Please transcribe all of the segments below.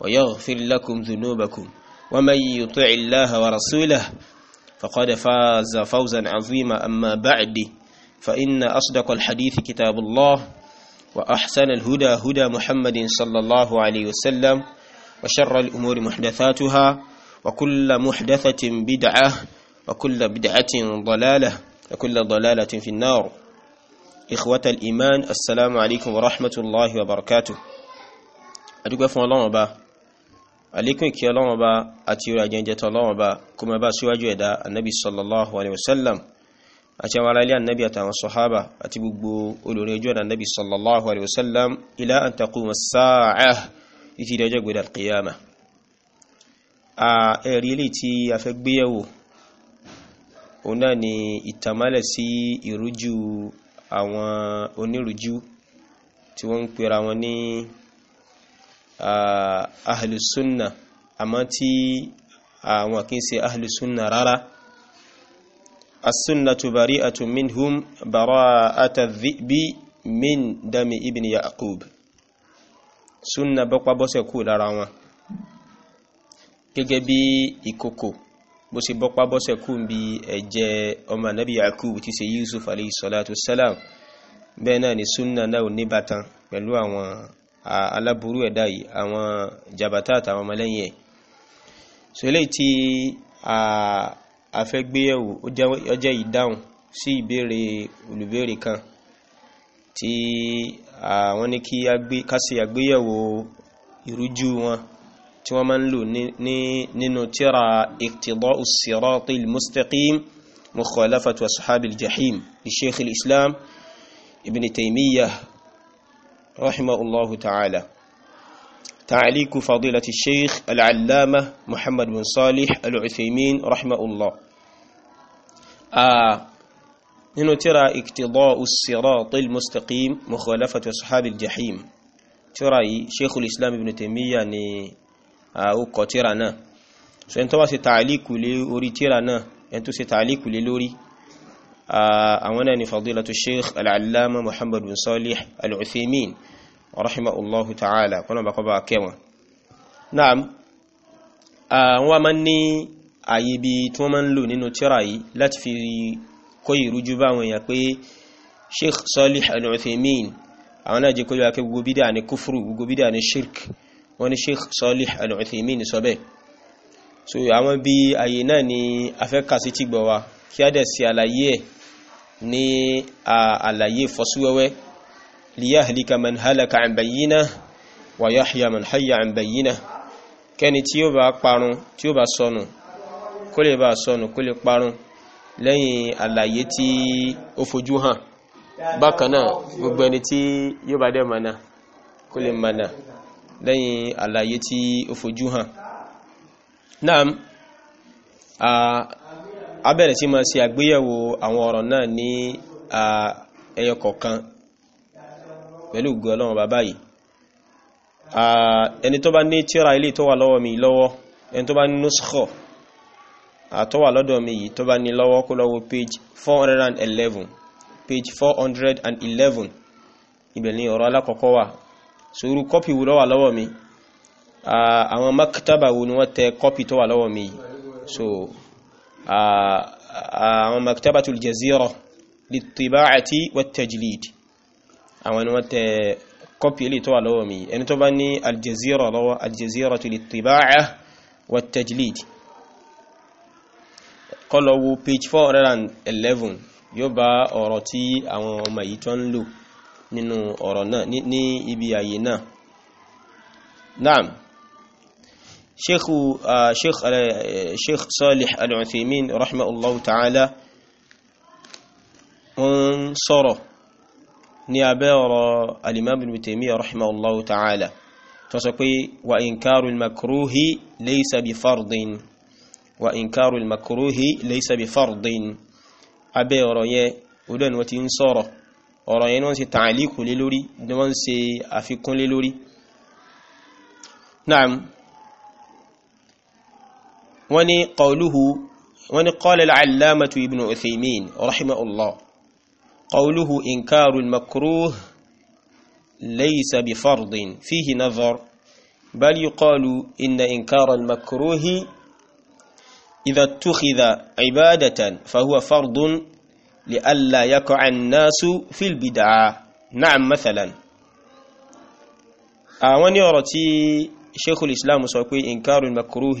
ويغفر لكم ذنوبكم ومن يطع الله ورسوله فقد فاز فوزا عظيما أما بعد فإن أصدق الحديث كتاب الله وأحسن الهدى هدى محمد صلى الله عليه وسلم وشر الأمور محدثاتها وكل محدثة بدعة وكل بدعة ضلالة وكل ضلالة في النار إخوة الإيمان السلام عليكم ورحمة الله وبركاته أدوك فون الله alékún ìkí ọlọ́run ọba àti ìrọ̀ àjẹjẹta ọlọ́run ọba kó máa bá síwájú ẹ̀dá annabi sallallahu alaihi wasallam àti àwọn aráalé annabi àtàwọn sọ̀hábà àti gbogbo olórí ojú ọ̀nà annabi sallallahu alaihi wasallam ila an taquma as-sa'a títí dẹjọ́ gbé dàlkìyàmà a ẹ̀rí ilé tí a ni ahìlùsúnnà àmọ́ tí àwọn kìí ṣe ahìlùsúnnà rárá as-sunnatu bari'atu minhum bara'ata dhi'bi min dami ibn yaqub súnnà bọ́pá bọ́sẹ̀ kú lára wọn gẹ́gẹ́ bí ìkòkò bó ṣe bọ́pá bọ́sẹ̀ kú bí ẹ̀jẹ̀ ọmọ nabi yaqub ti ṣe yusuf alayhi salatu salam bẹ́ẹ̀ náà ni súnnà náà ní pẹ̀lú àwọn aláburú ẹ̀dá yìí àwọn jabata àtàwọn ọmọlẹ́yìn ẹ̀ so eléyìí tí a fẹ́ gbéyẹ̀wò ó jẹ́ ìdáhùn sí ìbéèrè olùbéèrè kan tí àwọn ní kí ká ṣe àgbéyẹ̀wò ìrújú wọn tí wọ́n máa ń lò nínú tíra iqtida'u siratil mustaqim mukhalafatu ashabil jahim li islam ibn taymiyyah رحمه الله تعالى تعليق فضيلة الشيخ العلامة محمد بن صالح العثيمين رحمه الله إنه ترى اقتضاء الصراط المستقيم مخالفة أصحاب الجحيم ترى شيخ الإسلام ابن تيمية يعني أو قترنا سنتواسي تعليق لوري ترانا أنتو سي تعليق للوري àwọn ẹni fadilatu sheikh al'allama muhammad bin salih al'uthimin rahimahullahu ta'ala kọ́nà bá kọba kẹwọn náà wọ́n ma ní àyè bí tí wọ́n ma ń lò nínú tíra yìí láti fi kó ìrújú bá wọn yà pé sheikh salih al'uthimin àwọn náà jẹ́ kó yà pé gbogbo bídà ní kúfùrù gbogbo bídà ní shirk so àwọn bí àyè náà ni afẹ́kà sí tìgbọ̀ wa kí á dẹ̀ sí àlàyé ẹ̀ ní àlàyé fọ́síwẹ́wẹ́ liyahlika man halaka an bayyina wa yahya man hayya an bayyina kẹni tí ó bá parun tí ó bá sọnù kó lè bá sọnù kó lè parun lẹ́yìn àlàyé tí ó fojú hàn bákanáà gbogbo ẹni tí yóò bá dẹ̀ mana kó lè mana lẹ́yìn àlàyé tí ó fojú hàn náà a bẹ̀rẹ̀ sí máa ṣe àgbéyẹ̀wò àwọn ọ̀rọ̀ náà ní ẹyọ kọ̀ọ̀kan pẹ̀lú ògo Ọlọ́run bàbá yìí ẹni tó bá ní tírà ilé tó wà lọ́wọ́ mi lọ́wọ́ ẹni tó bá ní nuskọ̀ tó wà lọ́dọ̀ mi yìí tó bá ní lọ́wọ́ kó lọ́wọ́ page 411 page 411 ibẹ̀ ni ọ̀rọ̀ alákọ̀ọ́kọ́ wà sórí kọ́pì wo lọ́wọ́ lọ́wọ́ mi àwọn maktaba wo ni wọ́n tẹ so àwọn maktabatul jazira litiba'ati wat-tajlid àwọn ni wọ́n tẹ kọ́pì ilé tó wà lọ́wọ́ mi ẹni tó bá ní aljazira lọ́wọ́ aljazira litiba'a wat-tajlid kọlọ̀wọ́ page 411 yóò bá ọ̀rọ̀ tí àwọn ọmọ yìí tó ń lò nínú ọ̀rọ̀ náà ní ibi àyè náà شيخ شيخ شيخ صالح العثيمين رحمه الله تعالى ń sọ̀rọ̀ ní abẹ́ ọ̀rọ̀ al-Imam Ibn Taymiyyah rahimahullahu ta'ala tó sọ pé wa inkaru al-makruhi laysa bi fardin wa inkaru al-makruhi laysa bi fardin abẹ́ ọ̀rọ̀ yẹ udon wọ́n ti ń sọ̀rọ̀ ọ̀rọ̀ yẹn wọ́n ṣe ta'aliku lé lórí wọ́n ṣe àfikún lé lórí na'am وني قوله وني قال العلامة ابن أثيمين رحمه الله قوله إنكار المكروه ليس بفرض فيه نظر بل يقال إن إنكار المكروه إذا اتخذ عبادة فهو فرض لألا يقع الناس في البدعة نعم مثلا أعواني آه، ورتي شيخ الإسلام سوكوي إنكار المكروه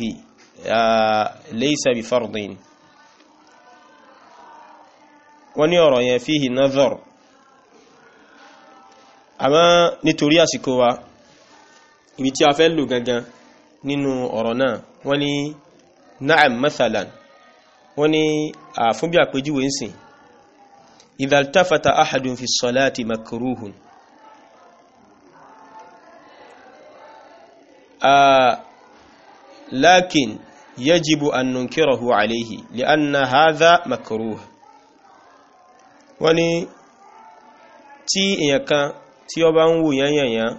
laysa bi fardin wọ́n ní ọ̀rọ̀ yẹn fihi nazar àmọ́ nítorí àsìkò wa ibi tí a fẹ́ lò gangan nínú ọ̀rọ̀ náà wọ́n ní na'am mathalan wọ́n ní àfún bí àpèjúwe ń sìn ìdàltáfàtà ahadun fi sọ́láti makruhun لكن يجب أن ننكره عليه لأن هذا مكروه وني tí èèyàn kan tí ó bá ń wò yányànyán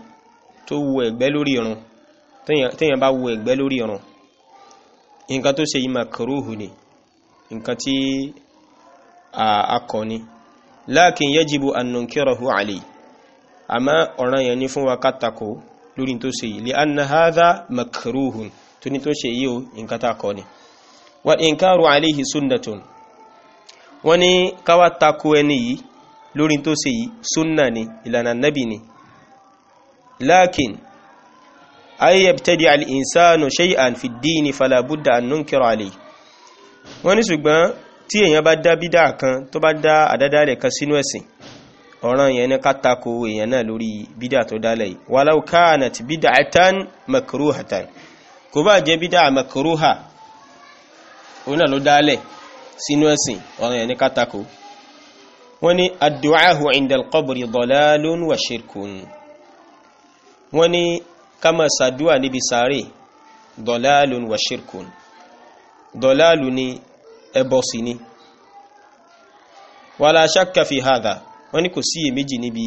tó wo ẹ̀gbẹ́ lórí irun téèyàn bá wo ẹ̀gbẹ́ lórí irun nǹkan tó ṣe yìí makruhu ni nǹkan tí a kọ̀ ni lakin yajibu an nunkirahu alayhi àmọ́ ọ̀ranyàn ni fún wa ká lórí tó ṣe yìí li anna hadha makruhun tó ní tó ṣe yíò nǹkan tá kọ́ ni wa inkaru alayhi sunnatun wọ́n ní káwà tako ẹni yìí lórí tó ṣe yìí sunna ni ìlànà nabi ni lakin ay yabtadi al-insanu shay'an fi ad-din fala budda an wọ́n ní ṣùgbọ́n tí èèyàn bá dá bídá kan tó bá dá àdádálẹ̀ kan sínú ẹ̀sìn ọ̀ràn yẹn ní kátàkó èèyàn náà lórí bídá tó dálẹ̀ yìí walau kanat bid'atan makruhatan kò bá jẹ́ bídá àmàkòróhà òun náà ló dálẹ̀ sínú ẹ̀sìn ọ̀rọ̀ ẹ̀ní kátàkó wọ́n ni addu'ahu indal qabri dalalun wa shirkun wọ́n ni kama sàdúwà níbi sàárè dalalun wa shirkun dalalu ni ẹbọ sí ni wala shakka fi hadha ni kò síyè méjì níbi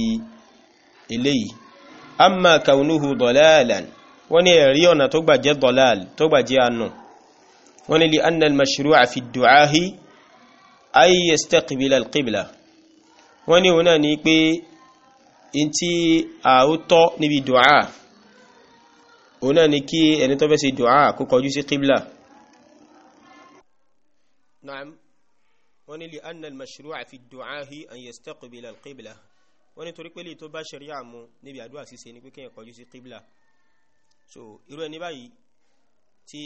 eléyìí amma kaunuhu dalalan wọ́n ní ẹ̀rí ọ̀nà tó gbà jẹ́ dalal tó gbà jẹ́ ànù wọ́n ní li anna al-mashru'a fi ad-du'ahi ay yastaqbil al-qibla wọ́n ní òun náà ní pé in tí àótọ́ níbi dùá òun náà kí ẹni tó fẹ́ wọ́n ní torí pé lè tó bá ṣẹ̀ríà mu níbi àdúrà ṣíṣe ní pé kéèyàn kọjú sí qibla so irú ẹni báyìí tí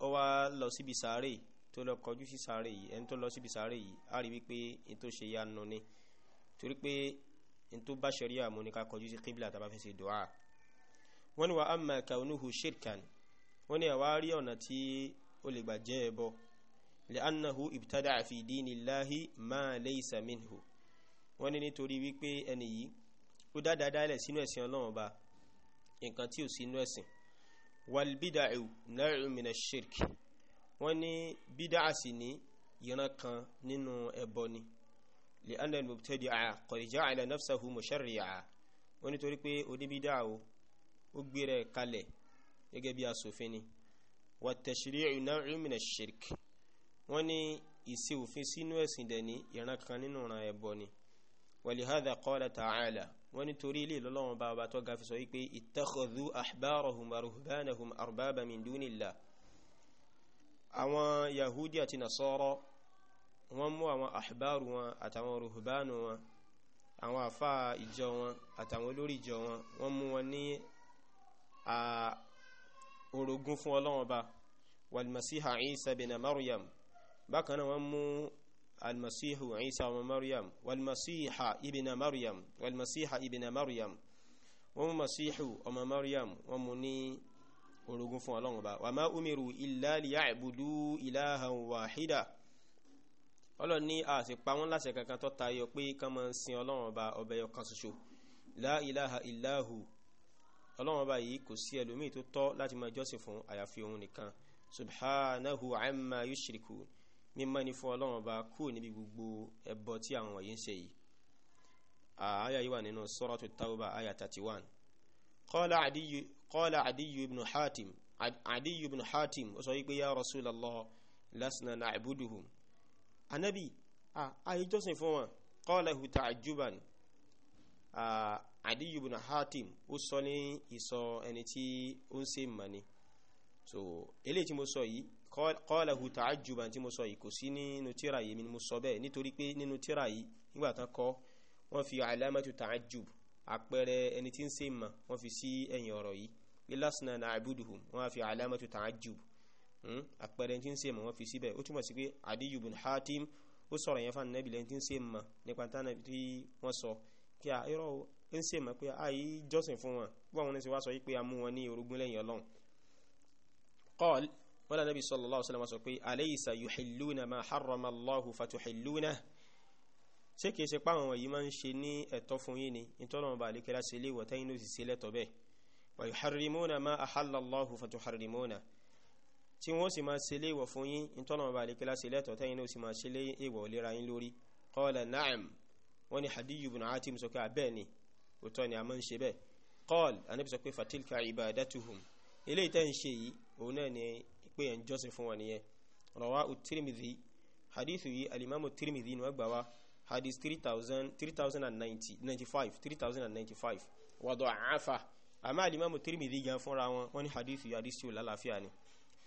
ó wá lọ síbi sàárè tó lọ kọjú sí sàárè yìí ẹni tó lọ síbi sàárè yìí á rí wípé ní tó ṣe ya nù ni torí pé ní tó bá ṣẹ̀rí àmú ni ká kọjú sí kíbla tàbá fẹ́ ṣe dùá wọ́n ní wa amma kaunuhu shirkan wọ́n ní àwa rí ọ̀nà tí ó lè gbà jẹ́ ẹbọ li'annahu ibtada'a fi dinillahi ma laysa minhu wọ́n ní nítorí wípé ẹni yìí ó dáadáa dálẹ̀ sínú ẹ̀sìn ọlọ́run ọba nǹkan tí ò sí inú ẹ̀sìn wal bid'u nar'u mina shirk wọ́n ní bídà sì ní ìran kan nínú ẹbọ ni li anna al-mubtadi'a qad ja'ala nafsahu musharri'a wọ́n nítorí pé oníbídà o ó gbé rẹ̀ kalẹ̀ gẹ́gẹ́ bí asòfin ni wa tashri'u nar'u mina shirk wọ́n ní ìṣe òfin sínú ẹ̀sìn dẹ̀ ní ìran kan nínú ẹbọ ni wa li hadha wọ́n ní torí ilé lọ́lọ́wọ́n bá bá tó ga fi sọ wípé ittakhadhu ahbarahum wa ruhbanahum arbaba min dunillah àwọn yahudi àti nasọ́rọ́ wọ́n mú àwọn ahbaru wọn àtàwọn ruhbanu wọn àwọn àfá ìjọ wọn àtàwọn olórí ìjọ wọn wọ́n mú wọn ní orogún fún ọlọ́wọ́n bá walmasiha isa maryam bákan náà wọ́n mú المسيح عيسى ومريم والمسيح ابن مريم والمسيح ابن مريم ومسيح أم مريم ومني orogun الله ọlọ́run ọba إلا ليعبدوا umiru واحدا liya'budu ilahan wahida ọlọ́run ní a sì pa wọ́n láṣẹ kankan tó tayọ pé kán máa ń sin ọlọ́run ọba ọba ẹyọ kan ṣoṣo la ilaha illahu ọba yìí kò sí ẹlòmíì tó tọ́ láti máa jọ́sìn fún àyàfi òun nìkan subhanahu amma yushrikun mímọ́ ni fún ọlọ́run ọba kúrò níbi gbogbo ẹbọ tí àwọn wọ̀nyí ń ṣe yìí àyà yìí wà nínú suratu tauba àyà 31 qala àdíyù qala àdíyù ibn hatim àdíyù ibn hatim ó sọ wípé ya rasulallah lasna na'buduhum anabi àyè jọ́sìn fún wọn qala hu ta'ajjuban àdíyù ibn hatim ó sọ ní ìsọ ẹni tí ó ń ṣe mọ̀ ni so eléyìí tí mo sọ yìí qalahu ta'ajjuban tí mo sọ yìí kò sí nínú tíra yìí mi ni mo sọ bẹ́ẹ̀ nítorí pé nínú tíra yìí nígbà tán kọ́ wọ́n fi alamatu ta'ajjub àpẹẹrẹ ẹni tí ń ṣe mà wọ́n fi sí ẹ̀yìn ọ̀rọ̀ yìí ilasna na'buduhum wọ́n fi alamatu ta'ajjub hmm, àpẹẹrẹ ẹni tí ń ṣe mà wọ́n fi síbẹ̀ ó túmọ̀ sí pé Adiyu bin Hatim ó sọ̀rọ̀ yẹn wala nabi sallallahu alaihi wasallam sọ pé alaysa yuhilluna ma harrama Allahu fatuhilluna ṣé kìí ṣe páwọn wọ̀nyí máa ń ṣe ní ẹ̀tọ́ fún yín ni ìtọ́nà ọba àlékẹ́lá ṣe léèwọ̀ tẹ́yìn ló sì ṣe lẹ́tọ̀ bẹ́ẹ̀ wa yuharrimuna ma ahalla Allahu fatuharrimuna tí wọ́n sì máa ṣe léèwọ̀ fún yín ìtọ́nà ọba àlékẹ́lá ṣe lẹ́tọ̀ tẹ́yìn ló sì máa ṣe léèwọ̀ lera yín lórí qala na'am wọ́n ní hadiyu ibn atim sọ abẹ́ ni òtọ́ ni a máa ń ṣe bẹ́ẹ̀ qala anabi sọ pé fatilka ibadatuhum ilé ìtẹ́ ń ṣe yìí òun náà ni pé ẹ̀ ń jọ́sìn fún wọn nìyẹn rawahu Tirmidhi hadithu yìí alimamu Tirmidhi ni wọ́n gbà wá hadith 3000 3090 95 3095 wada'afa àmọ́ alimamu Tirmidhi gan fúnra wọn wọ́n ní hadithu yìí hadith tí ó lálàáfíà ni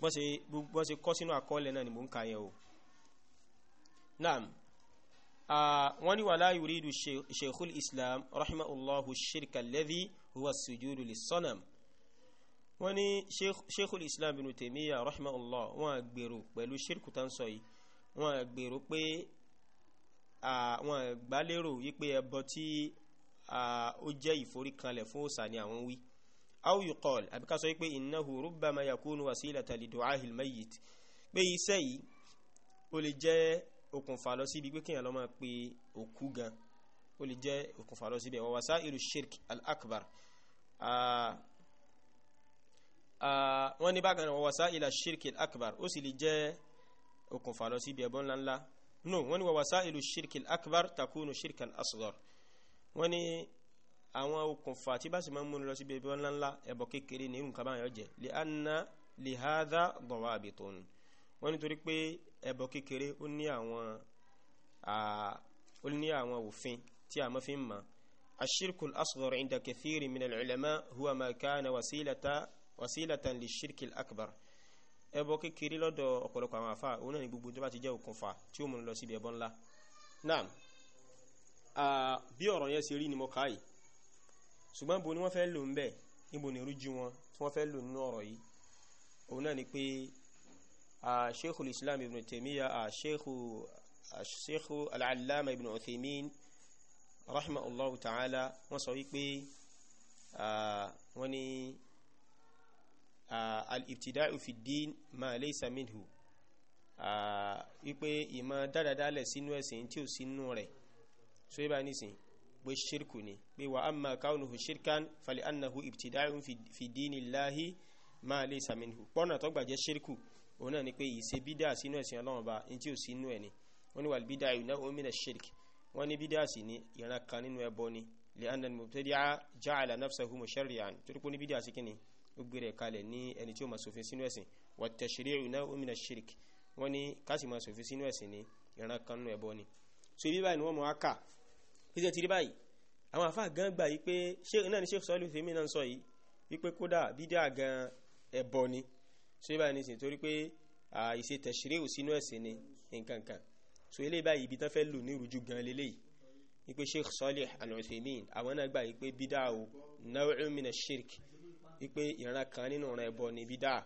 bọ́n ṣe kọ́ sínú àkọọ́lẹ̀ náà ni mò ń ka yẹn o naam wọ́n ní wala yuridu shaykhul islam rahimahullahu shirka alladhi huwa sujudu lis-sanam wọ́n ní sheikhul islam bin tèmíyà rahimahullah wọ́n á gbèrò pẹ̀lú shirku tá ń sọ yìí wọ́n á gbèrò pé àwọn àgbálérò wípé ẹbọ tí ó jẹ́ ìforíkanlẹ̀ fún òsà ni àwọn wí aw yuqal àbí ká sọ wípé innahu rubbama yakunu wasilatan li du'ahil mayyit pé iṣẹ́ yìí ó lè jẹ́ okùnfà lọ síbi pé kíyàn lọ máa pe òkú gan ó lè jẹ́ okùnfà lọ síbi wa wasailu shirk al-akbar wọ́n ní bákan náà wọ́wọ́sá ilà shirk akbar ó sì lè jẹ́ okùnfà lọ síbi ẹ̀bọ́n ńláńlá no wọ́n ní wọ́wọ́sá ilù shirk akbar takunu shirk asghar wọ́n ní àwọn okùnfà tí bá sì máa ń múni lọ síbi ẹ̀bọ́n ńláńlá ẹ̀bọ̀ kékeré ní irun kábàáyọ̀ jẹ́ lè anna lè hádà bọ̀wá àbètòun wọ́n nítorí pé ẹ̀bọ̀ kékeré ó ní àwọn òfin tí a máa fi ń mọ̀ ashirkul asghar inda kathiri min wasilatan li shirkil akbar ẹbọ kékeré lọ́dọ̀ ọ̀pọ̀lọpọ̀ àwọn àfáà òun náà ni gbogbo tó bá ti jẹ́ òkùnfà tí ó mú lọ síbi ẹbọ ńlá náà bí ọ̀rọ̀ yẹn ṣe rí ni mo kà yìí bo ni wọ́n fẹ́ lò ń bẹ̀ ni rújú wọn tí wọ́n fẹ́ lò nínú ọ̀rọ̀ yìí òun náà ni pé sheikhul islam ibn taymiya sheikhu al-allama ibn uthaymin rahimahullahu ta'ala wọ́n sọ wípé wọ́n ni al-ibtida'u fi din ma laysa minhu wípé ìmọ̀ dáradára sínú ẹ̀sìn tí ò sínú rẹ̀ so yíba nísìn pé ṣírkù ni pé wa amma kaunuhu shirkan fali annahu ibtida'u fi dinillahi ma laysa minhu pọ́nà tó gbàjẹ́ ṣírkù òun náà ni pé ìṣe bídà sínú ẹ̀sìn ọlọ́run ba in tí ò sínú ẹ̀ ni wọ́n ni wal bida'u li anna al-mubtadi'a ja'ala nafsahu musharri'an torí pé ní bídà ó gbé rẹ̀ kalẹ̀ ní ẹni tí ó máa ṣòfin sínú ẹ̀sìn wà tashri'u naw'un min shirk wọ́n ní káàsì máa ṣòfin sínú ẹ̀sìn ní ìran kan nínú ni so ibi báyìí ni wọ́n mọ̀ áka títí ti rí báyìí àwọn àfáà gan gbà yí pé ṣé náà ni Sheikh Salihu Uthaymin náà sọ yìí wípé kódà bídíà gan ẹbọ ni so ibi báyìí ni sì torí pé ìṣe tashri'u sínú ẹ̀sìn ni nǹkan kan so eléyìí báyìí ibi tán fẹ́ lò ní ìrújú gan leléyìí wípé Sheikh Salihu Al-Uthaymin àwọn náà gbà yí pé bídíà o naw'un min ash-shirk wípé ìran kan nínú ọ̀ràn ẹbọ ní bídà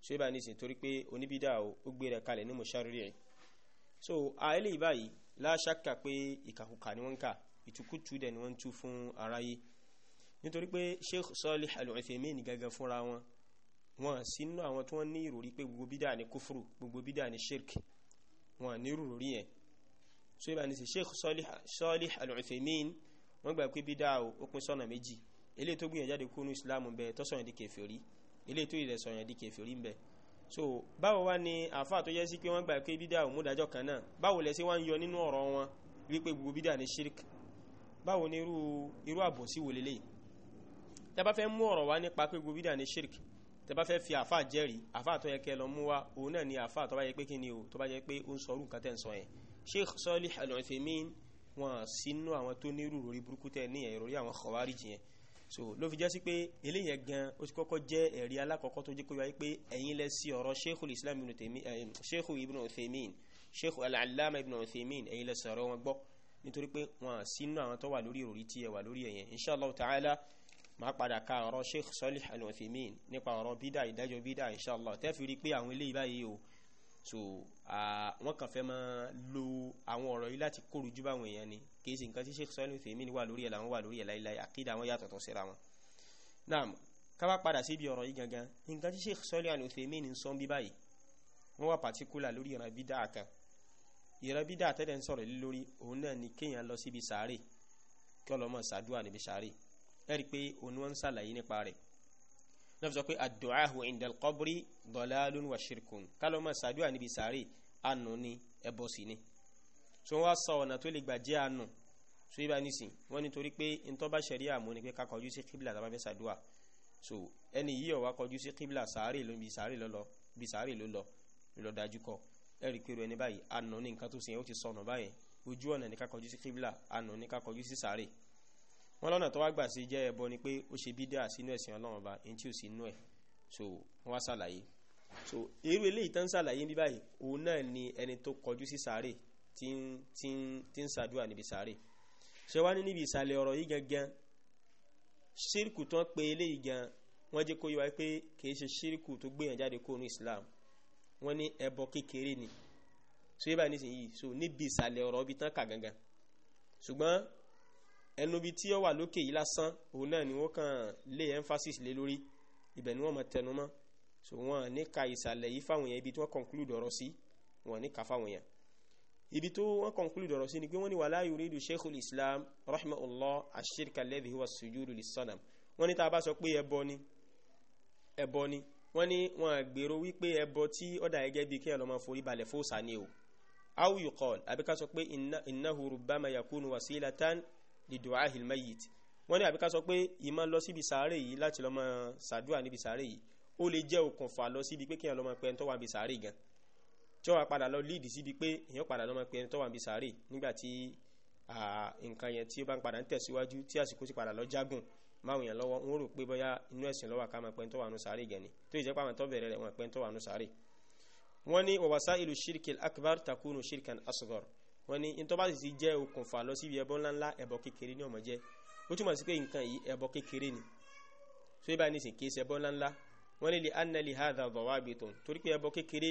so ibà ní ìsìn torí pé oníbídà ó gbé rẹ̀ kalẹ̀ ní mọ̀ṣárírì ẹ̀ so àìlè báyìí láṣàkà pé ìkàkùkà ni wọ́n ń kà ìtukùtù dẹ̀ ni wọ́n ń tú fún aráyé nítorí pé Sheikh Salih Al-Uthaymeen gangan fúnra wọn wọn sí nínú àwọn tí wọ́n ní ìròrí pé gbogbo bídà ní kúfùrù gbogbo bídà ní shirk wọn ní ìròrí yẹn so ibà ní ìsìn Sheikh Salih al wọ́n gbà pé bídà ó pín sọ́nà méjì ilé tó gbìyànjú jáde kúrú ìsìláàmù bẹ tó sọyàn di kèfèrí ilé tó ìrẹ sọyàn di kèfèrí ń bẹ so báwo wá ni àáfàá tó yẹ sí pé wọ́n gbà pé bídà ò múdájọ́ kan náà báwo lẹ ṣe wá ń yọ nínú ọ̀rọ̀ wọn wípé gbogbo bídà ní shirk báwo ni irú irú àbòsí wò lélẹ̀ tẹ́ bá fẹ́ mú ọ̀rọ̀ wá nípa pé gbogbo bídà ní shirk tẹ́ bá fẹ́ fi àáfàá jẹ́rìí àáfàá tó yẹ kẹ́ lọ mú wá òun náà ni àáfàá tó bá yẹ pé kí ni o tó bá yẹ pé ó ń sọrú nǹkan tẹ́ ń sọ yẹn Sheikh Salih Al-Uthaymeen wọn sínú àwọn tó nírú lórí burúkú tẹ́ ní ẹ̀rọ àwọn khawarij yẹn so ló fi jẹ́ sí pé eléyẹn gan ó ti kọ́kọ́ jẹ́ ẹ̀rí alákọ̀ọ́kọ́ tó jẹ́ kó wáyé pé ẹ̀yin lẹ sí ọ̀rọ̀ sheikhul ibn tèmi sheikh ibn al-allama ibn uthaymin ẹ̀yin lẹ sọ̀rọ̀ wọn gbọ́ nítorí pé wọn sínú àwọn tó wà lórí òrí tí ẹ wà lórí ẹ̀yẹn inshallah ta'ala máa padà ka ọ̀rọ̀ sheikh salih al-uthaymin nípa ọ̀rọ̀ bídà ìdájọ́ bídà inshallah tẹ́ fi rí pé àwọn eléyìí báyìí o so wọ́n kàn fẹ́ máa lo àwọn ọ̀rọ̀ yìí láti kóru jú báwọn èèyàn ni kìí ṣe nǹkan tí sheikh sọ́lù fèmín wà lórí ẹ̀ làwọn wà lórí ẹ̀ láíláí àkídà wọn yàtọ̀tọ̀ síra wọn naam ká wá padà síbi ọ̀rọ̀ yìí gangan nǹkan tí sheikh sọ́lù àlù fèmín ń sọ bí báyìí wọ́n wà pàtíkúlà lórí ìran bídà kan ìran bídà tẹ́lẹ̀ ń sọ̀rọ̀ lé lórí òun náà ni kéèyàn lọ síbi sàárè kí ọlọ́mọ sàdúà níbi sàárè ẹ rí pé òun wọn ń sàlàyé nípa rẹ̀ náà sọ pé àdùáhù indal qabri dalalun wa shirkun kálọ́mọ sàdúà níbi sàárè ànú ni ẹbọ sí ni so wọ́n wá sọ ọ̀nà tó lè gbà jẹ́ àánú so ibà nísìn wọ́n nítorí pé ntọ́ bá ṣẹ̀rí àmú ni pé ká kọjú sí kíbla tá fẹ́ ṣàdúà so ẹni yìí ó wá kọjú sí kíbla sàárè ló bí sàárè ló lọ bí sàárè ló lọ lọ dájú kọ ẹ̀rí pé ẹni báyìí àná ní nǹkan tó ṣe yẹn ó ti sọnù báyìí ojú ọ̀nà ní ká kọjú sí kíbla àná ní ká kọjú sí sàárè wọ́n lọ́nà tó wá gbà sí jẹ́ ẹbọ ni pé ó ṣe bídà sínú ẹ̀sìn Ọlọ́run ọba èyí tí ò sí inú ẹ̀ so wọ́n wá ṣàlàyé so irú eléyìí tán ṣàlàyé bí báyìí òun náà ni ẹni tó kọjú sí sàárè tí ń ṣàdúrà níbi sáré ṣe wá ní níbi ìsàlẹ̀ ọ̀rọ̀ yìí gangan ṣírkù pe pé eléyìí gan wọ́n jẹ́ kó yé wa pé kì ṣe ṣírkù tó gbéyàn jáde kó ní Islam wọ́n ní ẹbọ kékeré ni so yíba nísìnyí so níbi ìsàlẹ̀ ọ̀rọ̀ ibi tán kà gangan ṣùgbọ́n ẹnu ibi tí ó wà lókè yìí lásán òun náà ni wọ́n kàn lé emphasis lé lórí ibẹ̀ ni wọ́n mọ̀ tẹnu mọ́ so wọ́n ní ka ìsàlẹ̀ yìí fáwọn yẹn ibi tí wọ́n conclude ọ̀rọ̀ sí wọ́n ní ka fáwọn yẹn ibi tó wọ́n conclude ọ̀rọ̀ sí ni pé wọ́n ní wala yuridu sheikhul islam rahimahullah ashirka alladhi huwa sujudu lissanam wọ́n ní tá a bá sọ pé ẹbọ ni ẹbọ ni wọ́n ní wọ́n gbèrò wípé ẹbọ tí ọ̀dà ẹgẹ́ bíi kí ẹ lọ́ máa forí balẹ̀ fóòsà ni o aw yuqal àbí ká sọ pé innahu rubbama yakunu wasilatan lidu'ahil mayyit wọ́n ní àbí sọ pé ìmọ̀ lọ síbi sàárè yìí láti lọ́ máa níbi sàárè yìí ó lè jẹ́ okùnfà lọ síbi pé kí ẹ pẹ́ ń tọ́wọ́ àbí sàárè gan-an tí wọ́n padà lọ lead síbi pé èèyàn padà lọ máa pe ẹni tó wà níbi sàárè nígbà tí nǹkan yẹn tí ó bá ń padà ń tẹ̀síwájú tí àsìkò ti padà lọ jágùn máwùn yẹn lọ́wọ́ wọ́n rò pé bóyá inú ẹ̀sìn lọ́wọ́ ká máa pe ẹni tó wà nù sàárè gẹ̀ ni tó ìjẹ́ pàmò tó bẹ̀rẹ̀ rẹ̀ wọ́n pe ẹni tó wà nù sàárè. wọ́n ní wàwàsá ìlú shirkil akbar takunu shirkan asghar wọ́n ní ntọ́ bá sì ti jẹ́ okùnfà lọ síbi ẹbọ ńláńlá ẹbọ kékeré ní ọmọ jẹ́ ó túmọ̀ sí pé nǹkan yìí ẹbọ kékeré ni tó yẹ bá ní kí ẹsẹ̀ ẹbọ ńláńlá wọ́n ní li anna li hadha dhawabitun torí pé ẹbọ kékeré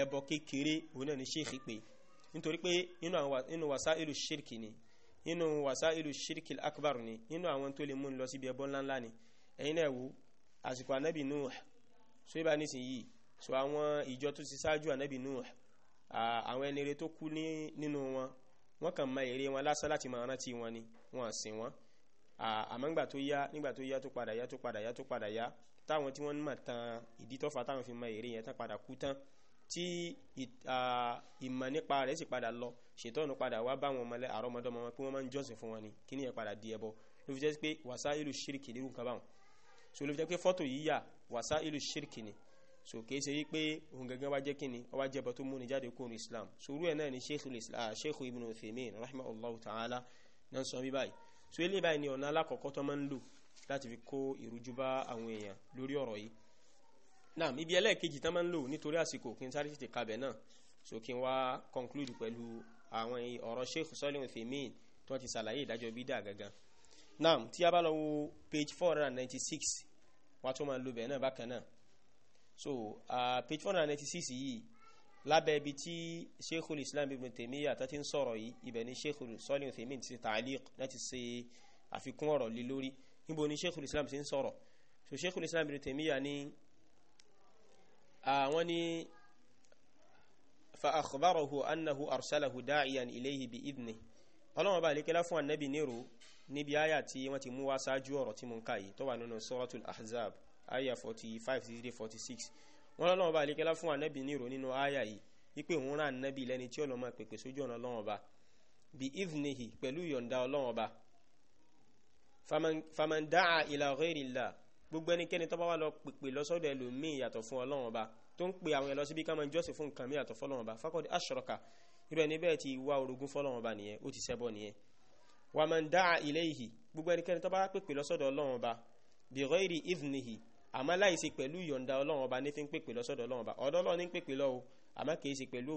ẹbọ kékeré òun náà ni sheikh pé nítorí pé nínú wasailu shirki ni nínú wasailu shirki akbar ni nínú àwọn tó lè mú lọ síbi ẹbọ ńláńlá ni ẹ̀yin náà wò àsìkò anabi nuh so ibà nísìnyí so àwọn ìjọ tó ti ṣáájú anabi nuh àwọn ẹnire tó kú nínú wọn wọn kàn máa èrè wọn lásán láti máa rántí wọn ni wọn sìn wọn àmọ́ nígbà tó yá nígbà tó yá tó padà yá tó padà yá tó padà yá táwọn tí wọ́n mọ̀ tán ìdí tó fà táwọn fi máa èrè yẹn tán padà kú tán tí ìmọ̀ nípa rẹ̀ sì padà lọ ṣètọ́nù padà wá bá wọn mọ́lẹ́ àrọ́mọdọ́mọ wọn pé wọ́n máa ń jọ́sìn fún wọn ni kí ni ẹ̀ padà di ẹbọ ló fi jẹ́ pé wàsá ìlú ṣírìkì ní nǹkan báwọn so ló fi jẹ́ pé fọ́tò yíyà wàsá ìlú ṣírìkì ni so kìí ṣe wípé òun gangan wá jẹ́ kíni ó Islam so irú ẹ̀ náà Sheikh Ibn Uthaymeen rahimahullahu ta'ala náà sọ bí báyìí so eléyìí báyìí ni ọ̀nà alákọ̀ọ́kọ́ tó máa ń lò náà ibi ẹlẹ́ẹ̀kejì tán máa ń lò nítorí àsìkò kí n sáré tètè kabẹ̀ náà so kí n wá conclude pẹ̀lú àwọn ọ̀rọ̀ Sheikh Salih Uthaymeen tí wọ́n ti ṣàlàyé ìdájọ́ bídà gangan náà tí a bá lọ wo page four hundred ninety six wọ́n tún máa ń lo bẹ̀ẹ́ náà bákan náà so uh, page four hundred ninety six yìí lábẹ́ ibi tí Sheikhul Islam Ibn Taymiyyah àtàtí ń sọ̀rọ̀ yìí ibẹ̀ ni Sheikh Salih Uthaymeen ti ta'liq láti ṣe àfikún ọ̀rọ̀ lé lórí níbo ni Sheikhul Islam ti ń sọ̀rọ̀ so Sheikhul Islam Ibn Taymiyyah ni àwọn ah, ni fa akhbarahu annahu arsalahu da'iyan ilayhi bi idni ọlọ́wọ́n bá alékẹ́lá fún annabi nero níbi ayà tí wọ́n ti mú wá sáájú ọ̀rọ̀ tí mo ń káyì tó wà nínú suratul ahzab ayà 45-46 wọ́n lọ́wọ́n bá alékẹ́lá fún annabi nero nínú ayà yìí wípé òun rán annabi lẹ́ni tí ọlọ́mọ pèpè sójú ọ̀nà ọlọ́wọ́n bi idnihi pẹ̀lú yọ̀ǹda ọlọ́wọ́n bá faman gbogbo ẹnikẹ́ni tó bá wà lọ pèpè lọ́sọ́dọ̀ ẹlòmíì yàtọ̀ fún ọlọ́run ọba tó ń pè àwọn ẹlọ síbi ká máa jọ́sìn fún nǹkan mi yàtọ̀ fọlọ́run ọba faqad ashraka irú ẹni bẹ́ẹ̀ ti wá orogún fọlọ́run ọba nìyẹn ó ti ṣẹbọ nìyẹn wa man da'a ilayhi gbogbo ẹnikẹ́ni tó bá pèpè lọ́sọ́dọ̀ ọlọ́run ọba bi ghairi idhnihi àmọ́ láì ṣe pẹ̀lú ìyọ̀ǹda ọlọ́run ọba ní fi ń pèpè lọ́sọ́dọ̀ ọlọ́run ọba ọ̀dọ́ ọlọ́run ní ń pèpè lọ́wọ́ àmọ́ kìí ṣe pẹ̀lú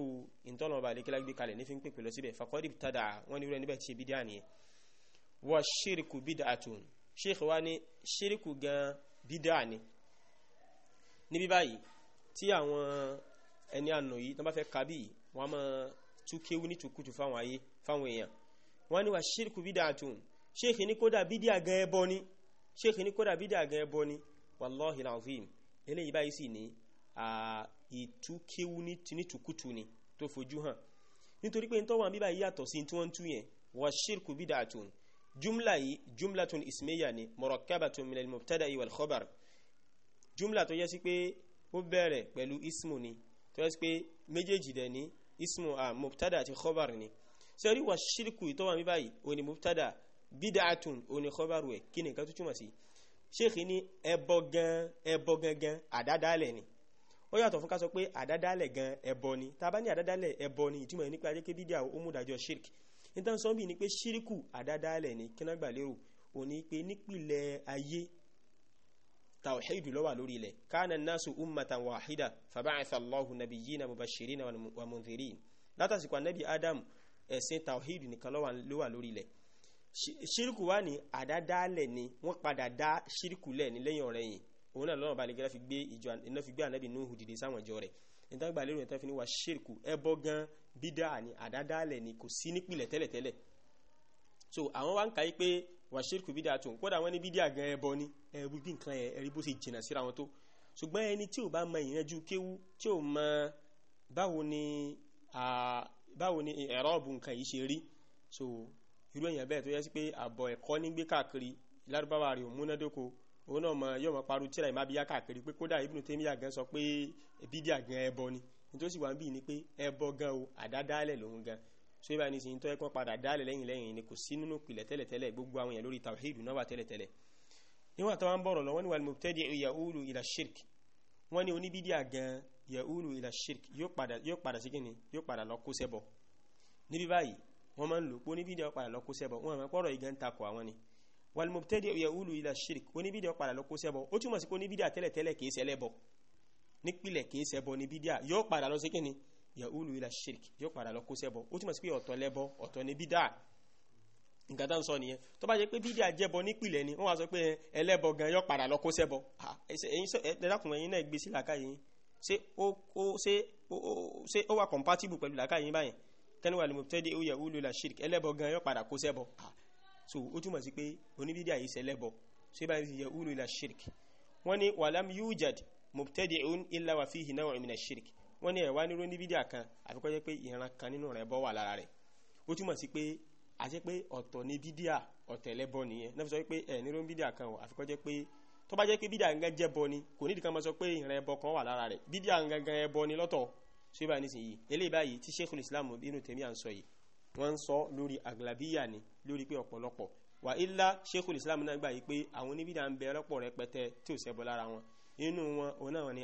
ìtọ́lọ́run ọba àlékélá gbé kalẹ̀ ní fi ń pèpè lọ síbẹ̀ faqad ibtada wọ́n ní irú ẹni bẹ́ẹ̀ ṣe bídíà nìyẹn wa shirku bid'atun sheikh wa ní ṣíríkù gan bídà ni níbí báyìí tí àwọn ẹni àná yìí tó bá fẹ́ kábí wọ́n máa tú kéwú ní tùkùtù fáwọn ayé fáwọn èèyàn wọ́n ní wà ṣíríkù bídà tún sheikh ní kódà bídà gan ẹbọ ni sheikh ní kódà bídà gan ẹbọ ni wàláhi alazim eléyìí báyìí sì ní ìtú kéwú ní tùkùtù ni tó fojú hàn nítorí pé ń tọ́wọ́ àbíbáyìí yàtọ̀ sí tí wọ́n ń tú yẹn wà ṣíríkù bídà tún jumla yìí jumlatun ismiya ni murakkabatun min al-mubtada'i wal khabar jumla tó yẹ sí pé ó bẹ̀rẹ̀ pẹ̀lú ismu ni tó yẹ sí pé méjèèjì dẹ̀ ni ismu a mubtada àti khabar ni sẹ́rí wà ṣírkù tó wà mí báyìí òní mubtada bid'atun òní khabaru ẹ̀ kí ni nǹkan tó túmọ̀ sí ṣéèkì gan ẹbọ gangan àdádálẹ̀ ni ó yàtọ̀ fún ká sọ pé àdádálẹ̀ gan ẹbọ ni tá ní àdádálẹ̀ ẹbọ ni ìtumọ̀ ní pé ajẹ́kẹ́ bídíà ó mú dájọ́ nítorí sọ́nbì ni pé ṣíríkù àdádálẹ̀ ni kí náà gbàlérò ò ní pé nípìnlẹ̀ ayé tawhidu ló wà lórí ilẹ̀ kana nasu ummatan wahida faba'atha Allahu nabiyyina mubashirina wa mundhirin látàsìkò anabi adam ẹ̀sìn tawhidu nìkan ló wà lórí ilẹ̀ ṣíríkù wà ní àdádálẹ̀ ni wọ́n padà dá ṣíríkù lẹ̀ ní lẹ́yìn ọ̀rẹ́yìn òun náà lọ́nà balẹ̀ gẹ́gẹ́ fi gbé ìjọ iná fi gbé anabi nuhu dìde sáwọn ìjọ rẹ̀ ìtàgbà lérò ìtàn fi ní wà ṣírkù ẹbọ gan bídà ni àdádálẹ̀ ni kò sí nípìlẹ̀ tẹ́lẹ̀tẹ́lẹ̀ so àwọn wá ń kàí pé wà ṣírkù bídà tó ń kódà wọ́n ní bídà gan ẹbọ ni ẹrú bí nǹkan ẹrí bó ṣe jìnnà síra wọn tó ṣùgbọ́n ẹni tí ò bá mọ ìyanjú kéwú tí ò mọ báwo ni báwo ni ẹ̀rọ ọ̀bù nǹkan yìí ṣe rí so irú èèyàn bẹ́ẹ̀ tó yẹ sí pé àbọ̀ ẹ̀kọ́ nígbé káàkiri lárúbáwá rẹ̀ ò múnádóko òun náà mọ yọmọ paru tíra ìmábi yá káàkiri pé kódà Ibn Taymiyyah gan sọ pé bídíà gan ẹbọ ni nítorí sì wà ń bì ní pé ẹbọ gan o àdádálẹ̀ lòun gan so ibà ní sìn tó ẹ̀kọ́ padà dálẹ̀ lẹ́yìn lẹ́yìn ni kò sí nínú ìpìlẹ̀ tẹ́lẹ̀tẹ́lẹ̀ gbogbo àwọn èèyàn lórí tawhid náà wà tẹ́lẹ̀tẹ́lẹ̀ níwọ̀n tó wá ń bọ̀rọ̀ lọ wọ́n ní wal mubtadi'u ya'ulu ila shirk wọ́n ní oníbídíà gan ya'ulu ila shirk yóò padà sí kíni yóò padà lọ kó sẹ́bọ̀ níbi báyìí wọ́n máa ń lò pé oníbídíà padà lọ kó sẹ́bọ̀ wọ́n máa pọ̀rọ̀ ìgàn takò àwọn ni walmubtadi yahulu ila shirk oníbídíà padà lọ kó sẹ́bọ̀ ó túmọ̀ sí pé oníbídíà tẹ́lẹ̀tẹ́lẹ̀ kìí sẹ́lẹ̀bọ̀ nípìlẹ̀ kìí sẹ́bọ̀ oníbídíà yóò padà lọ sí kíni yahulu ila shirk yóò padà lọ kó sẹ́bọ̀ ó túmọ̀ sí pé ọ̀tọ̀ lẹ́bọ ọ̀tọ̀ ni bídà nǹkan tá ń sọ nìyẹn tó bá jẹ́ pé bídíà jẹ́bọ nípìlẹ̀ ni wọ́n wá sọ pé ẹlẹ́bọ gan yóò padà lọ kó sẹ́bọ̀ se, o, o, se, làákàyè ṣé ó wà compatible pẹ̀lú làákàyè báyẹn kẹ́ni wà lè mubtadi yahulu ila shirk ẹlẹ́bọ gan yóò padà kó sẹ́bọ̀ so ó túmọ̀ sí pé oníbídíà yìí ṣẹlẹ́bọ ṣé báyìí ti yẹ ulu ila shirk wọ́n ní wàlám yújad mubtadi'un illa wà fíhì naw'un mina shirk wọ́n ní ẹ̀wá nírò oníbídíà kan àfikọ́ jẹ́ pé ìran kan nínú rẹ̀ bọ́ wà lára rẹ̀ ó túmọ̀ sí pé àti pé ọ̀tọ̀ ní bídíà ọ̀tẹ̀lẹ́bọ nìyẹn náà fi sọ pé ẹ̀ nírò bídíà kan ò àfikọ́ jẹ́ pé tó bá jẹ́ pé bídíà ń gẹ́gẹ́ bọ ni kò nídìí kan máa sọ pé wọ́n ń sọ lórí aglabiya ni lórí pé ọ̀pọ̀lọpọ̀ wà ilá sheikhul islam náà gbà yí pé àwọn oníbìdà ń bẹ rọ́pọ̀ rẹpẹtẹ tí ò sẹ́bọ̀ lára wọn inú wọn òun náà ni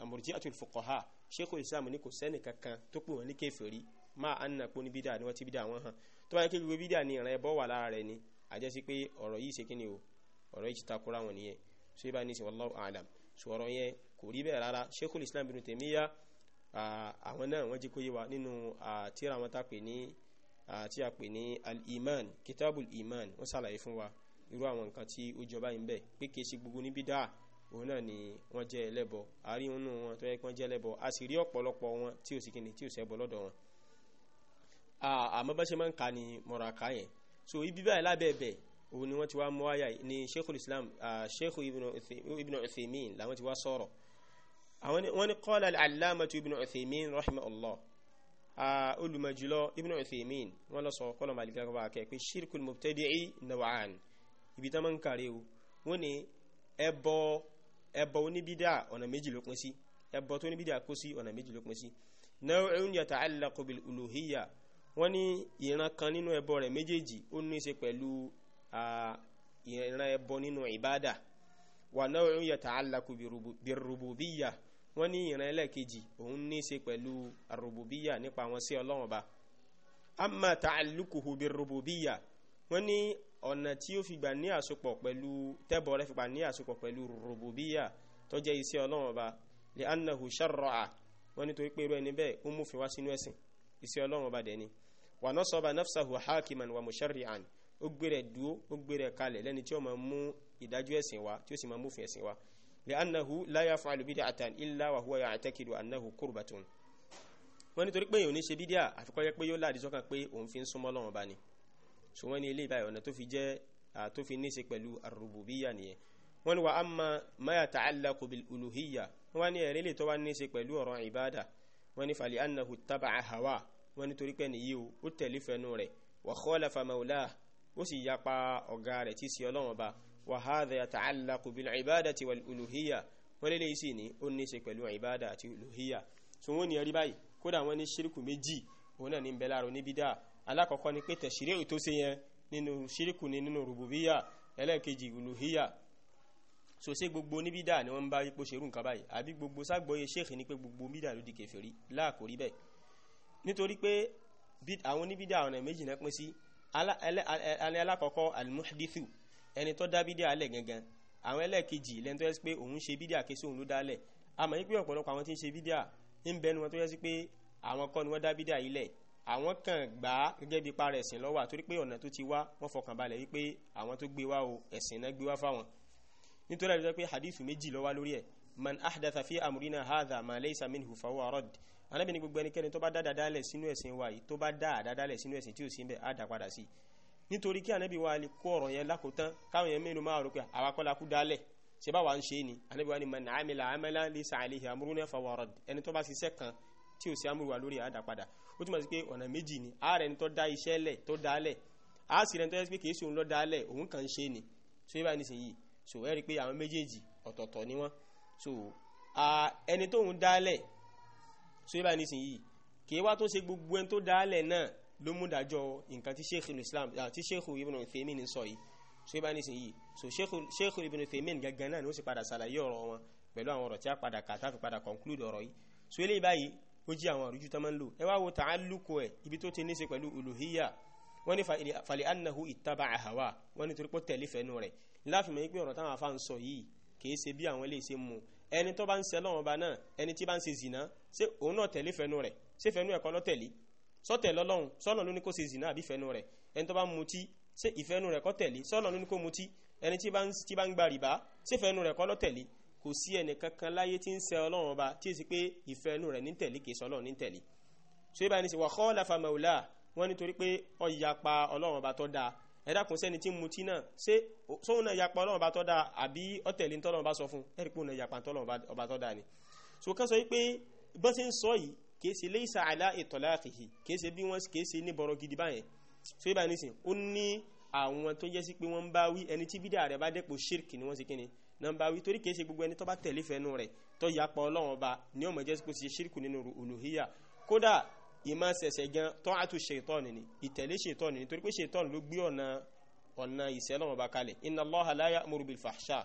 al-murji'atul fuqaha sheikhul ní kò sẹ́nì kankan tó pè wọ́n ní kèfèrí máa á nà pé oníbìdà ni wọ́n ti bìdà wọn hàn tó bá yẹ kí gbogbo bìdà ni ìran ẹbọ wà lára rẹ̀ ni àjẹsí pé ọ̀rọ̀ yìí ṣe kí ni o ọ̀rọ̀ yìí ti takora wọn nìyẹn so yìí bá ní sí wallahu a'lam sọ̀rọ̀ yẹn kò rí bẹ́ẹ̀ rárá sheikhul islam ibn taymiya àwọn náà wọ́n jí kó wa nínú àtìrà wọn tá pè ní tí a pè ní al-iman kitabul iman wọ́n sàlàyé fún wa irú àwọn nǹkan tí ó jọba ń bẹ pé kìí ṣe gbogbo níbi dáa òun náà ni wọ́n jẹ́ ẹlẹ́bọ àárín inú wọn tó yẹ kí wọ́n jẹ́ ẹlẹ́bọ a sì rí ọ̀pọ̀lọpọ̀ wọn tí ò sì kíni tí ò sẹ́bọ lọ́dọ̀ wọn àmọ́ bá ṣe máa ń ka ni mọ̀ràká yẹn so ibi báyìí lábẹ́ẹ̀bẹ̀ òun ni wọ́n ti wá mú àyà ni sheikhul islam sheikh ibn uthaymin làwọn ti wá sọ̀rọ̀ àwọn ni qala al-allamatu ibn uthaymin rahimahullah olùmọ̀jùlọ ibn Uthaymin wọ́n lọ sọ kọ́lọ̀ màlìkà kọ́ bá kẹ́ pé shirkul mubtadi'i naw'an ibi tá máa ń kàrí o wọ́n ní ẹbọ ẹbọ oníbídà ọ̀nà méjì ló pín sí ẹbọ tó oníbídà kó sí ọ̀nà méjì ló pín sí naw'un yata'allaqu bil uluhiyya wọ́n ní ìran kan nínú ẹbọ rẹ̀ méjèèjì ó ní ṣe pẹ̀lú ìran ẹbọ nínú ìbádà wa naw'un yata'allaqu bir rububiyya wọ́n ní ìran ẹlẹ́ẹ̀kejì òun ní í ṣe pẹ̀lú àrùbùbíyà nípa àwọn sí ọlọ́run ọba amma ta'alluquhu birrububiyya wọ́n ní ọ̀nà tí ó fi gbà ní àsopọ̀ pẹ̀lú tẹ́bọ̀ rẹ̀ fi gbà ní àsopọ̀ pẹ̀lú rububiyya tó jẹ́ iṣẹ́ ọlọ́run ọba li annahu sharra'a wọ́n ní torí pé irú ẹni bẹ́ẹ̀ ó mú fi wá sínú ẹ̀sìn iṣẹ́ ọlọ́run ọba dẹ̀ ni wa nasaba nafsahu hakiman wa musharri'an ó gbé rẹ̀ dúó ó gbé rẹ̀ kalẹ̀ lẹ́ni tí ó máa mú ìdájọ́ ẹ̀sìn wá tí ó sì máa mú fi ẹ̀sìn wá لأنه لا يفعل بدعة إلا وهو يعتقد أنه قربة wọ́n nítorí pé èèyàn ní ṣe bídíà àfikọ́ yẹ pé yóò láàdí sọ́kàn pé òun fi ń súnmọ́ lọ́wọ́n bá ní so wọ́n ní ilé ìbáyọ̀ ọ̀nà tó fi jẹ́ tó fi ní ṣe pẹ̀lú ar-rububiyyah nìyẹn wọ́n ní wa amma ma yata'allaqu bil-uluhiyyah wọ́n وهذا يتعلق بالعبادة والألوهية وللي سيني أني سيكبلو عبادة ألوهية سوون يري باي كودا واني شركو ميجي هنا نمبلارو نبدا على كوكواني كي تشريع توسيا نينو شركو نينو ربوبية ألا كيجي ألوهية so se gbogbo níbídà ni wọ́n bá ipò ṣerú nǹkan báyìí àbí gbogbo ságbọ́yé ṣéèkì ní pé gbogbo bídà ló di kèfèrí láàkórí bẹ́ẹ̀ nítorí pé àwọn oníbídà ọ̀nà méjì náà pín sí alákọ̀ọ́kọ́ almuhdithu ẹni tó dá bídíà alẹ̀ gangan àwọn ẹlẹ́ẹ̀kejì lẹ́ni tó yẹ sí pé òun ṣe bídíà kí sí òun ló dálẹ̀ àmọ́ yí pé ọ̀pọ̀lọpọ̀ àwọn tí ń ṣe bídíà ń bẹnu wọn tó yẹ sí pé àwọn kọ́ ni wọ́n dá bídíà yìí lẹ̀ àwọn kan gbà á gẹ́gẹ́ bí ipa rẹ̀ ẹ̀sìn lọ́wọ́ àtórí pé ọ̀nà tó ti wá wọ́n fọkàn balẹ̀ wípé àwọn tó gbé wá o ẹ̀sìn náà gbé wá fáwọn nítorí àdúgbò pé hadithu méjì ló wà lórí ẹ̀ man ahdatha fi amrina hadha ma laysa minhu fahuwa rad anábìnrin gbogbo ẹnikẹ́ni tó bá dá dáadáa lẹ̀ sínú ẹ̀sìn wa yìí tó bá dá dáadáa lẹ̀ sínú ẹ̀sìn tí ò sí ń á dá padà sí i nítorí kí ànábì wa lè kó ọ̀rọ̀ yẹn lákòótán káwọn yẹn mẹ́nu máa rò pé àwa kọ́ la dálẹ̀ ṣe bá wa ń ṣe ni ànábì wa ni man amila amalan laysa alayhi amruna fahuwa radd ẹni tó bá ṣiṣẹ́ kan tí ò sí amúrú wa lórí àádá padà ó túmọ̀ sí pé ọ̀nà méjì ni ààrẹ ni tó dá iṣẹ́ lẹ̀ tó dálẹ̀ àásì rẹ̀ tó yẹ pé kìí ṣe òun lọ́ dálẹ̀ òun kàn ń ṣe ni so yíba ní sèyí so ẹ rí i pé àwọn méjèèjì ọ̀tọ̀ọ̀tọ̀ ni wọ́n so ẹni tó ń dálẹ̀ so yíba ní sèyí kìí wá tó ṣe gbogbo ẹni tó dálẹ̀ náà ló mú dájọ́ nǹkan tí sheikh islam tí sheikh ibn Uthaymin sọ yìí so ibà nísìnyí so sheikh ibn Uthaymin gangan náà ni ó sì padà ṣàlàyé ọ̀rọ̀ wọn pẹ̀lú àwọn ọ̀rọ̀ tí a padà kà fi padà conclude ọ̀rọ̀ yìí so eléyìí báyìí ó jí àwọn àrújú tó máa ń lò ẹ wá wo tàálùkù ẹ ibi tó ti ní ṣe pẹ̀lú uluhiyya wọ́n ní fàlẹ́ annahu ìtaba àhàwà wọ́n ní torípọ̀ tẹ̀lé fẹ́nu rẹ̀ láàfin mọ̀ pé ọ̀rọ̀ táwọn afá ń sọ yìí kìí ṣe bí àwọn eléyìí ṣe mú ẹni tó bá ń ṣe lọ́wọ́n ba náà ẹni tí bá ń ṣe zìnà ṣé òun náà tẹ̀lé fẹ́nu rẹ̀ ṣé fẹ́nu ẹ̀kọ́ lọ́tẹ̀lé sọ́tẹ̀ lọ́lọ́run sọ́nà ló ní kó ṣe zina àbí ìfẹ́nu rẹ̀ ẹni tó bá mutí ṣé ìfẹ́nu rẹ̀ kọ́ tẹ̀lé sọ́nà ló ní kó mutí ẹni tí bá ń gba rìbá ṣé ìfẹ́nu rẹ̀ kọ́ lọ́ tẹ̀lé kò sí ẹnì kankan láyé tí ń ṣe ọlọ́run ọba tí èsì pé ìfẹ́nu rẹ̀ ní tẹ̀lé kìí sọ́lọ́run ní tẹ̀lé ṣé báyìí ní sè wà khalafa mawla wọ́n nítorí pé ó yapa ọlọ́run ọba tó dáa ẹ dákun sẹ́ni tí mutí náà ṣé sóun náà yapa ọlọ́run ọba tó dáa àbí ó tẹ̀lé ntọ́lọ́run ọba sọ fún ẹ̀rí pé òun náà yapa ntọ́lọ́run ọba tó dáa ni. sọ ká sọ yìí pé bọ́sẹ̀ ń kèése leisa ala ìtọ̀láàkìhì kèése bí wọ́n kèése ní bọ̀rọ̀ gidi báyẹn so ibà nísìn ó ní àwọn tó jẹ́ sí pé wọ́n bá wí ẹni tí bídà rẹ̀ bá dẹ́pọ̀ ṣírkì ni wọ́n sì kíni nọmba wí torí kèése gbogbo ẹni tó bá tẹ̀lé fẹ́nu rẹ̀ tó yapa ọlọ́run ọba ní ọmọ jẹ́ sí pé ṣírkù nínú olùhíyà kódà ìmọ̀ ṣẹ̀ṣẹ̀ gan tọ́hátù ṣètọ́ọ̀nì ni ìtẹ̀lé ṣètọ́ọ̀nì ni torí pé ṣètọ́ọ̀nì ló gbé ọ̀nà ọ̀nà ìṣẹ́lọ́wọ̀n ọba kalẹ̀ inna Allaha la ya'muru bil fahsha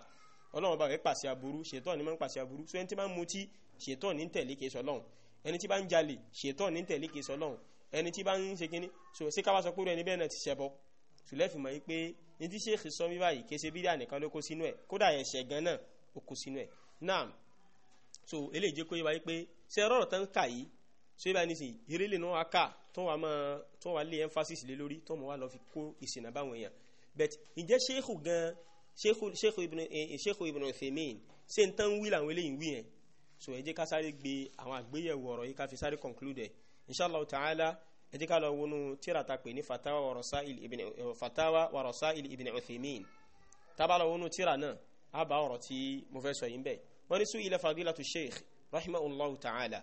ọlọ́run ọba rẹ̀ pàṣẹ aburú ṣètọ́ọ̀nì máa ń pàṣẹ aburú so ẹni tí máa ẹni tí bá ń jalè ṣètọ́ ní tẹ̀lé kìí sọlọ́run ẹni tí bá ń ṣe kíní so ṣé ká wá sọ pé ẹni bẹ́ẹ̀ náà ti ṣẹbọ sùlẹ́fì mọ̀ pé ní tí ṣéèkì sọ mí báyìí kése bídà nìkan ló kó sínú ẹ̀ kódà ẹ̀ṣẹ̀ gan náà ó kó sínú ẹ̀ náà so eléyìí jẹ́ kó yé wáyé pé ṣe rọ̀rọ̀ tán kà yìí so yíba nísìnyí ìrèlè náà wá kà tó wà máa tó wà lé emphasis lé lórí tó mọ̀ wá lọ fi kó ìsìnà báwọn èèyàn but ǹjẹ́ ṣéèkù gan ṣéèkù ibùnú ṣéèkù ibùnú fèmíìn ṣé ń tán wí làwọn eléyìí wí yẹn so ẹ jẹ́ ká sáré gbé àwọn àgbéyẹ̀wò ọ̀rọ̀ yìí ká fi sáré conclude ẹ̀ inshallah ta'ala ẹ jẹ́ ká lọ wọnú tíra ta pè ní fatawa wa rasail ibn fatawa wa rasail ibn Uthaymin tábà lọ wọnú tíra náà a bá ọ̀rọ̀ tí mo fẹ́ sọ yìí bẹ́ẹ̀ wọ́n ní sùn ilẹ̀ fadilatu sheikh rahimahullahu ta'ala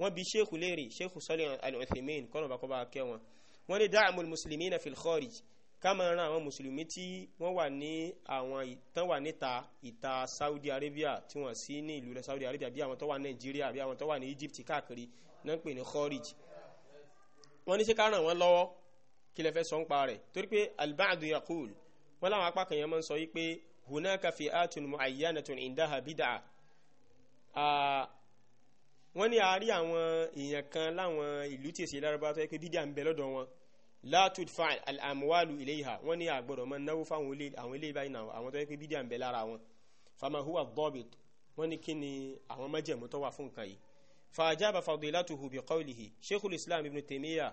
wọ́n bi sheikh léèrè sheikh Salih al-Uthaymin kọ́nà bá kọ́ bá kẹ́ wọn wọ́n ní da'amul muslimina fil kharij Kama máa ran àwọn mùsùlùmí tí wọ́n wà ní àwọn tán wà níta ìta Saudi Arabia tí wọ́n sí ní ìlú rẹ̀ Saudi Arabia bí àwọn tó wà Nàìjíríà bí àwọn tó wà ní Egypt káàkiri náà ń pè ní kharij wọ́n ní ṣé ká ràn wọ́n lọ́wọ́ kí lẹ fẹ́ sọ ń pa rẹ̀ torí pé al-ba'du yaqul wọ́n láwọn apá kan yẹn máa ń sọ yí pé hunaka fi'atun mu'ayyanatun indaha bid'a wọ́n ní àárí àwọn èèyàn kan láwọn ìlú tí èsì lárúbá tó yẹ pé bídà ń bẹ lọ́dọ̀ wọn la tudfa al-amwalu ilayha wọ́n ní àgbọ̀dọ̀ mọ́ náwó fáwọn ilé ìbáyìí náà àwọn tó yẹ pé bídíà ń bẹ lára wọn fama huwa dhabit wọ́n ní kí ni àwọn májẹ̀mú tó wà fún nǹkan yìí fa ajaba fadilatuhu bi qawlihi sheikhul islam ibn taymiya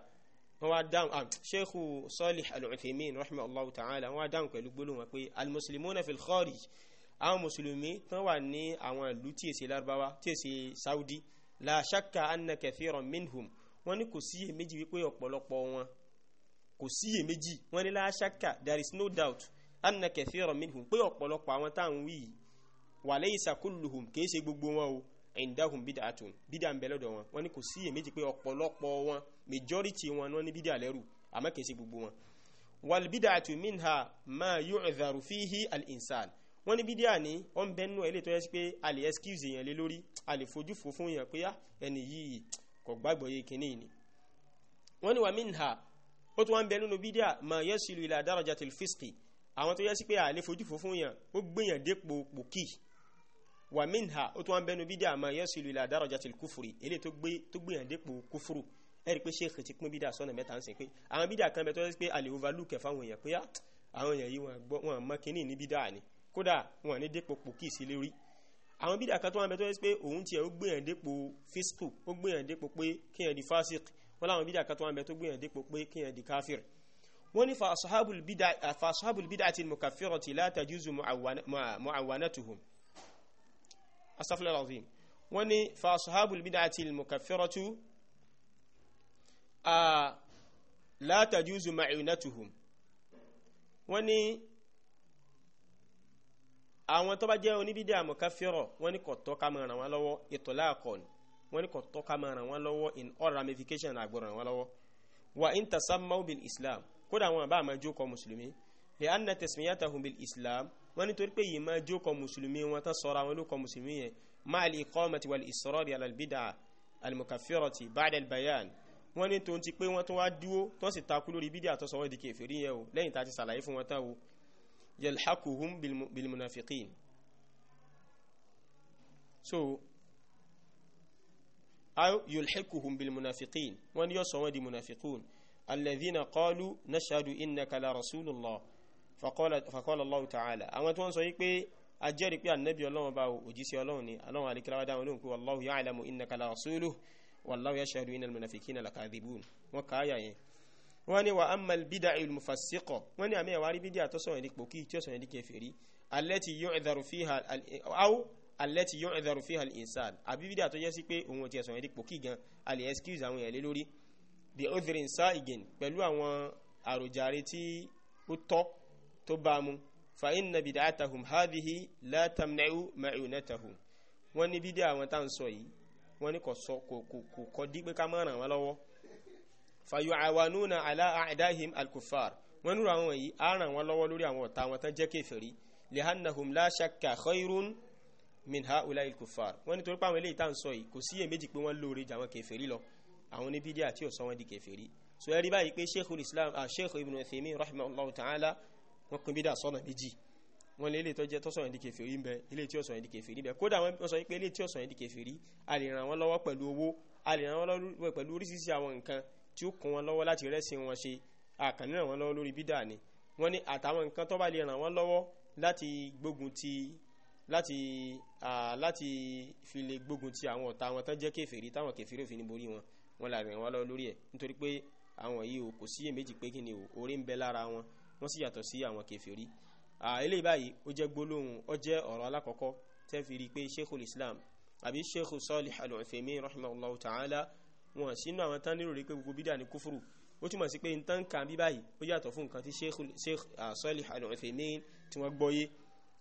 wọ́n wá dáhùn am ah, sheikhu salih al-uthaymin rahimahullahu ta'ala wọ́n wá dáhùn pẹ̀lú gbólóhùn wọn pé al-muslimuna fil kharij àwọn mùsùlùmí tán wà ní àwọn ìlú tí èsì lárúbáwá tí èsì saudi la shakka anna kathiran minhum wọ́n ní kò síyè méjì wípé ọ̀pọ̀lọpọ̀ wọn kò síyè méjì wọ́n ní láṣáká there is no doubt anna kathiran minhum pé ọ̀pọ̀lọpọ̀ àwọn táwọn wí yìí wa laysa kulluhum kìí ṣe gbogbo wọn o indahum bid'atun bídà ń bẹ lọ́dọ̀ wọn wọ́n ní kò síyè méjì pé ọ̀pọ̀lọpọ̀ wọn majority wọn wọ́n ní bídà lẹ́rù àmọ́ kìí ṣe gbogbo wọn. wal bid'atu minha ma yu'dharu fihi al insan wọ́n ní bídíà ní wọ́n bẹ́ nú ẹlẹ́ tó yẹ sí pé a excuse èèyàn lé lórí a fojú fo fún èèyàn pé ah, ẹni yìí kò gbàgbọ́ yé kínní ni wọ́n ní wàmí nà ó tún wá ń bẹ nínú bídíà ma yasilu ila darajatil fisqi àwọn tó yẹ sí pé àlè fojúfò fún yàn ó gbìyàn dépò pòkì wà minha ó tún wá ń bẹ nínú bídíà ma yasilu ila darajatil kufri eléyìí tó gbìyàn dépò kúfùrù ẹ̀rí pé ṣéèkì ti pín bídíà sọ́nà mẹ́ta ń sìn pé àwọn bídíà kan bẹ tó yẹ sí pé àlè overlook ẹ̀ fáwọn èèyàn pé ah, àwọn èèyàn yìí wọn mọ kínní ní bídíà ni kódà wọn ní dépò pòkì sí lórí àwọn bídíà kan tó wá bẹ tó yẹ sí pé òun tiẹ̀ ó gbìyàn dépò fisku ó gbìyàn dépò pé kíyàn di fásitì wọ́n láwọn bídà kan tó wọ́n bẹ tó gbìyàn dípò pé kí yẹn di káfíìr wọ́n ní fa ashabul bid'ati mukaffirati la tajuzu mu'awanatuhum astaghfirullah alazim wọ́n ní fa ashabul bid'ati mukaffiratu la tajuzu ma'unatuhum wọ́n ní àwọn tó bá jẹ́ oníbídà mukaffira wọ́n ní kò tọ́ ká máa ràn wọ́n wọ́n ní kò tọ́ ká máa ràn wọ́n lọ́wọ́ in all ramification náà gbọ́dọ̀ ràn wọ́n lọ́wọ́ wa in tasammaw bil islam kódà wọn bá máa jókòó mùsùlùmí li anna tasmiyatahum bil islam wọ́n nítorí pé yìí máa jókòó mùsùlùmí wọn tán sọ̀rọ̀ àwọn olùkọ́ mùsùlùmí yẹn ma'al iqamati wal israri ala al bid'a al mukaffirati ba'da al bayan wọ́n ní tóun ti pé wọ́n tún wá dúó tó sì takú lórí bídí àtọ́sọ wọ́n di kèfèrí yẹn o lẹ́yìn tá a ti sàlàyé fún wọn táwo yalhaquhum bilmunafiqin so aw yulhikuhum bil munafiqin wọ́n yóò sọ wọ́n di munafiqun alladhina qalu nashhadu innaka la rasulullah faqala faqala allah ta'ala àwọn tí wọ́n sọ yìí pé a jẹ́rìí pé annabi Ọlọ́run bá o òjíṣẹ́ Ọlọ́run ni Ọlọ́run alikira wa dáhùn lóhùn pé wallahu ya'lamu innaka la rasuluhu wallahu yashhadu innal munafiqina lakadhibun wọ́n kà á yà yẹn wọ́n ní wa amal bida il mufasiqo wọ́n ní àmì ẹ̀wárí bídíà tó sọ̀rọ̀ ní pòkì tí ó sọ̀rọ̀ ní kẹfẹ́rí allati yu'dharu fiha aw alẹ́tì yóò ẹ̀dọ̀rù fi hàn ìsàn àbí fídíà tó jẹ́ sí pé òun ti ẹ̀sùn ẹ̀dípò kí gan a lè excuse àwọn èèyàn lé lórí the other in sa again pẹ̀lú àwọn àròjàre tí ó tọ́ tó bá mu fa inna bid'atahum hadhihi la tamna'u ma'unatahum wọ́n ní fídíà àwọn tá à ń sọ yìí wọ́n ní kò sọ kò kò kò dí pé ká má ràn wọ́n lọ́wọ́ fa yu'awanuna ala a'dahim al-kuffar wọ́n nírò àwọn yìí á ràn wọ́n lọ́wọ́ lórí àwọn ọ̀tá wọn tán jẹ́ kèfèrí lihannahum la shakka khayrun minha haulai kufar wọ́n nítorí pàwọn eléyìí tá ń sọ yìí kò sí èméjì pé wọ́n lóore jàwọn kèfèrí lọ àwọn ní bídíà tí ò sọ wọ́n di kèfèrí so ẹ rí báyìí pé sheikhul islam ah sheikh ibn uthaymin rahimahullahu ta'ala wọ́n pín bídíà sọ́nà méjì wọ́n lé ilé tó jẹ́ tọ́sọ̀yìn di kèfèrí bẹ ilé tí ó sọ̀yìn di kèfèrí bẹ kódà wọ́n sọ pé ilé tí ó sọ̀yìn di kèfèrí a lè ràn wọ́n lọ́wọ́ pẹ̀lú owó a lè ràn wọ́n lọ́wọ́ pẹ̀lú oríṣiríṣi àwọn nǹkan tí ó kún wọn lọ́wọ́ láti rẹ́sìn wọn ṣe àkànní ràn wọ́n lọ́wọ́ lórí bídà ni wọ́n ní àtàwọn nǹkan tó bá lè ràn wọ́n lọ́wọ́ láti gbógun ti láti láti fi lè gbógun ti àwọn ọ̀tá wọn tán jẹ́ kèfèrí táwọn kèfèrí òfin ní borí wọn wọn là wọn lọ lórí ẹ̀ nítorí pé àwọn yìí o kò síyè méjì pé kí ni o orí ń bẹ lára wọn wọ́n sì yàtọ̀ sí àwọn kèfèrí eléyìí báyìí ó jẹ́ gbólóhùn ó jẹ́ ọ̀rọ̀ alákọ̀ọ́kọ́ tẹ́ fi rí pé sheikhul islam àbí sheikhu salih al-uthaymin ta'ala wọn sínú àwọn tán nírò rí pé gbogbo bídà ní kúfùrù ó túmọ̀ sí pé nǹkan kan bí báyìí ó yàtọ̀ fún nǹkan tí sheikh salih al tí wọ́n gbọ́yé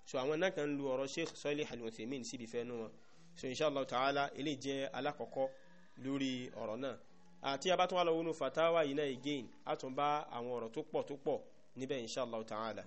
so àwọn náà kan lu ọ̀rọ̀ sheikh Salih Al-Uthaymin síbi fẹ́nu wọn so inshallah ta'ala ilé jẹ́ alákọ̀ọ́kọ́ lórí ọ̀rọ̀ náà àti abátúwálọ́wọ́nù fatawa yìí náà again á tún bá àwọn ọ̀rọ̀ tó pọ̀ tó pọ̀ níbẹ̀ inshallah ta'ala